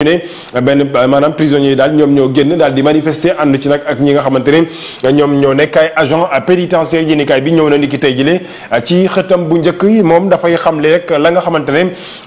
ñu ne benn maanaam prisonniers yi daal ñoom ñoo génn daal di manifester ànd ci nag ak ñi nga xamante ne ñoom ñoo nekk ay agent pénitentiaire yéenekaay bi ñëw na ni ki tey jile ci xëtam bu njëkk yi moom dafay xamle rek la nga xamante ne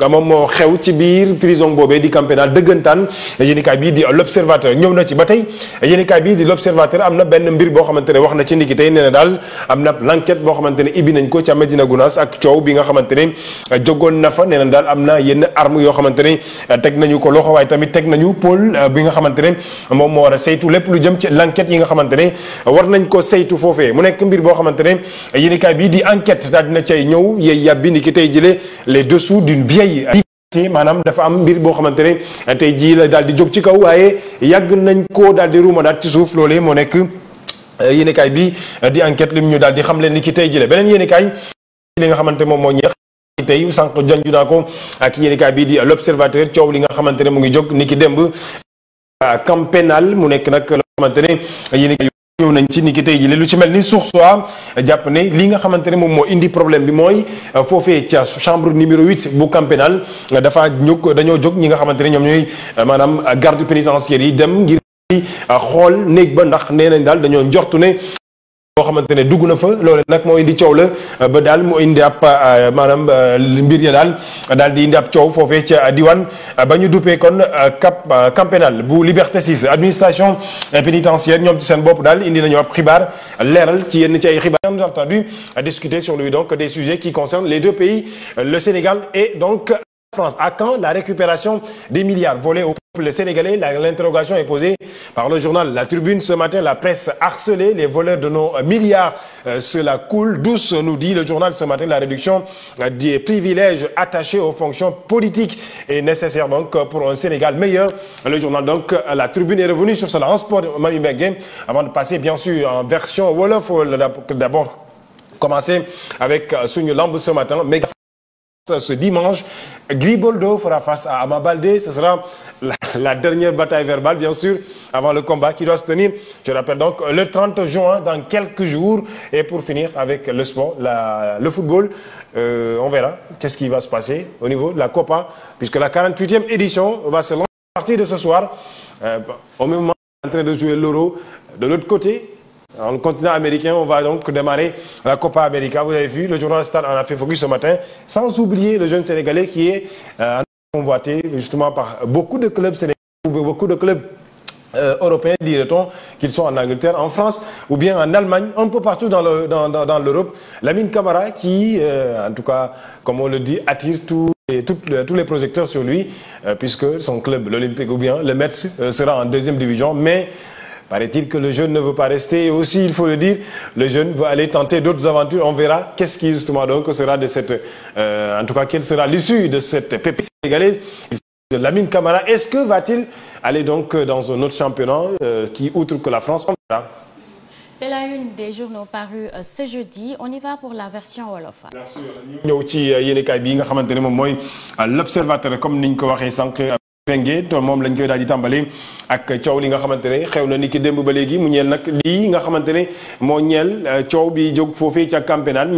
moom moo xew ci biir prison boobee di camp pénal dëggantaan yéenekaay bi di l'observateur ñëw na ci ba tey yéenekaay bi di l'observateur am na benn mbir boo xamante ne wax na ci ni tey nee na daal am na l'enquête boo xamante ne ibbi nañ ko ca Medina Gounass ak coow bi nga xamante ne jógoon na fa nee na daal am na yenn arme yoo xamante ne teg nañu ko loxo waaye tamit teg nañu pôle euh, bi nga xamante ne moom moo war a saytu lépp lu jëm ci l'enquête yi nga xamante ne war nañ ko saytu foofee mu nekk mbir boo xamante ne yéenekaay bii di enquête daal dina cay ñëw yeey yàbbi ni tey jëlee les dessous d'une vieille maanaam dafa am mbir boo xamante ne tey jii la daal di jóg ci kaw waaye yàgg nañ ko daal di ruumadaat ci suuf loole moo nekk euh, yéenekaay bi di enquête lim ñu daal di xam leen ni ki tey jëlee beneen yéenekaay li nga xamante moom moo ñeex tey sànq janju naa ko ak yéen kaay bii di l'observateur ciow li nga xamantene ne mu ngi jog niki ki démb ah, camp pénal mu nek nak loo xamante ne yéen kaay nañ ci niki tay ji lu ci melni ni suux japp jàpp ne li nga xamantene mom mo indi problème bi moy ah, fofé ci chambre numéro 8 bu camp pénal dafa ñuk dañu jog ñi nga xamantene ñom ñoy ah, manam garde pénitentiaire yi dem ngir xol néeg ba ndax nee nañ daal dañoo njortu ne boo xamante ne na fa lolé nak moy indi coow la euh, ba dal mo indi ap euh, manam euh, mbir ya dal dal di indi ap coow fofé ci diwaan bañu ñu kon cap camp bu Liberté 6 administration pénitentiaire ñom ci sen bop dal indi nañu ap xibar léral ci yenn ci ay xibar on a entendu discuter sur lui donc des sujets qui concernent les deux pays le Sénégal et donc la France à quand la récupération des milliards volés au le Sénégalais, l'interrogation est posée par le journal La Tribune ce matin, la presse harcelée, les voleurs de nos euh, milliards, cela euh, coule. Douce nous dit le journal ce matin, la réduction euh, des privilèges attachés aux fonctions politiques est nécessaire donc pour un Sénégal meilleur. Le journal donc, La Tribune est revenu sur cela en sport, Mami avant de passer bien sûr en version Wolof, d'abord commencer avec Sunyu lambe ce matin. Ce dimanche, Griboldo fera face à Amabalde. Ce sera la, dernière bataille verbale, bien sûr, avant le combat qui doit se tenir, je rappelle donc, le 30 juin, dans quelques jours. Et pour finir avec le sport, le football, euh, on verra qu'est-ce qui va se passer au niveau de la Copa, puisque la 48e édition va se lancer à partir de ce soir, euh, au même moment en train de jouer l'Euro. De l'autre côté, dans le continent américain, on va donc démarrer la Copa América. Vous avez vu, le journal Star en a fait focus ce matin, sans oublier le jeune Sénégalais qui est euh, convoité justement par beaucoup de clubs sénégalais, beaucoup de clubs euh, européens, dirait-on, qu'ils sont en Angleterre, en France ou bien en Allemagne, un peu partout dans l'Europe. Le, dans, Camara qui, euh, en tout cas, comme on le dit, attire tous les projecteurs sur lui, puisque son club, l'Olympique ou bien le Metz, sera en deuxième division. Mais Paraît-il que le jeune ne veut pas rester et aussi, il faut le dire, le jeune veut aller tenter d'autres aventures. On verra qu'est-ce qui justement donc sera de cette, euh, en tout cas, quelle sera l'issue de cette pépite sénégalaise. Lamine Camara, est-ce que va-t-il aller donc dans un autre championnat euh, qui, outre que la France, on verra c'est la une des journaux parus euh, ce jeudi on y va pour la version wolof. l'observateur comme penge to moom lañ koy daal di ak coow li nga xamante ne xew na ni ki démb ba léegi mu ñeel nag lii nga xamante ne moo ñel euh, coow bi jóg foofee ca Campenane